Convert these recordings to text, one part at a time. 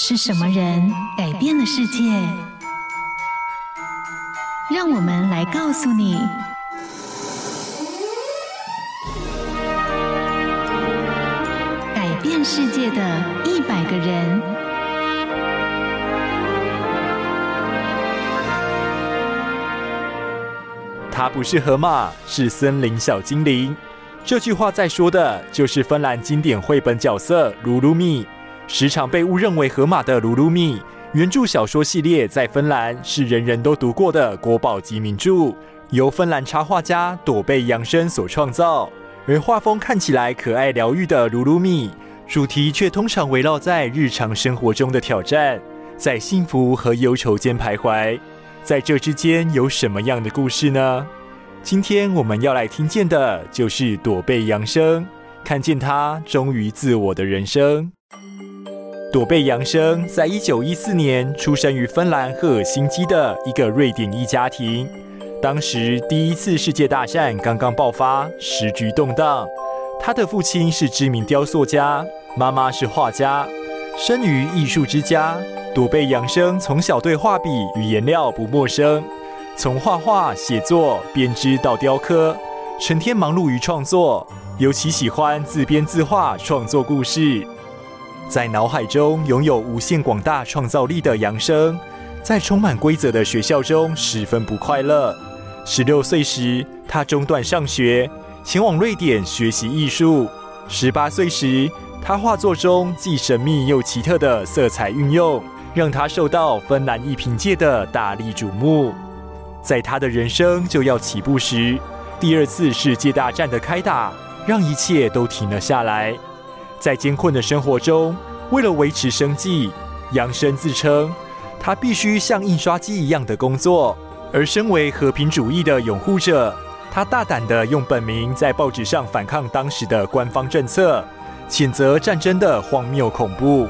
是什麼人改變了世界？讓我們來告訴你：改變世界的一百個人。他不是河馬，是森林小精靈。這句話在說的就是芬蘭經典繪本角色嚕嚕米。時常被誤認為河馬的嚕嚕米原著小說系列在芬蘭是人人都讀過的國寶級名著，由芬蘭插畫家朵貝楊笙所創造。而畫風看起來可愛療癒的嚕嚕米，主題卻通常圍繞在日常生活中的挑戰，在幸福和憂愁間徘徊。在這之間有什麼樣的故事呢？今天我們要來聽見的就是朵貝楊笙看見他忠於自我的人生。朵貝楊笙在1914年出生於芬蘭赫爾辛基的一個瑞典裔家庭。當時第一次世界大戰剛剛爆發，時局動盪。他的父親是知名雕塑家，媽媽是畫家，生於藝術之家。朵貝楊笙從小對畫筆與顏料不陌生畫畫，從畫畫、寫作、編織到雕刻，成天忙碌於創作，尤其喜歡自編自畫創作故事。在腦海中擁有無限廣大創造力的楊笙，在充滿規則的學校中十分不快樂。十六歲時，他中斷上學，前往瑞典學習藝術。十八歲時，他畫作中既神秘又奇特的色彩運用，讓他受到芬蘭藝評界的大力矚目。在他的人生就要起步時，第二次世界大戰的開打讓一切都停了下來。在艱困的生活中，為了維持生計，楊笙自稱他必須像印刷機一樣的工作。而身為和平主義的擁護者，他大膽地用本名在報紙上反抗當時的官方政策，譴責戰爭的荒謬恐怖。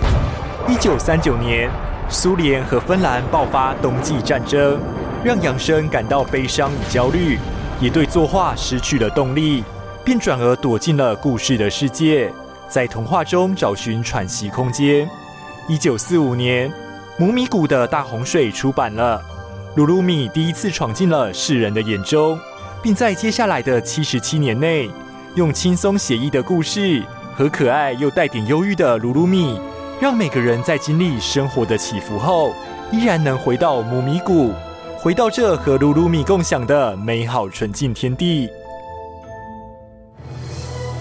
一九三九年，蘇聯和芬蘭爆發冬季戰爭，讓楊笙感到悲傷與焦慮，也對作畫失去了動力，便轉而躲進了故事的世界。在童話中找尋喘息空間。一九四五年，《姆米谷的大洪水》出版了，嚕嚕米第一次闖進了世人的眼中，並在接下來的七十七年內，用輕鬆寫意的故事和可愛又帶點憂鬱的嚕嚕米，讓每個人在經歷生活的起伏後，依然能回到姆米谷，回到這和嚕嚕米共享的美好純淨天地。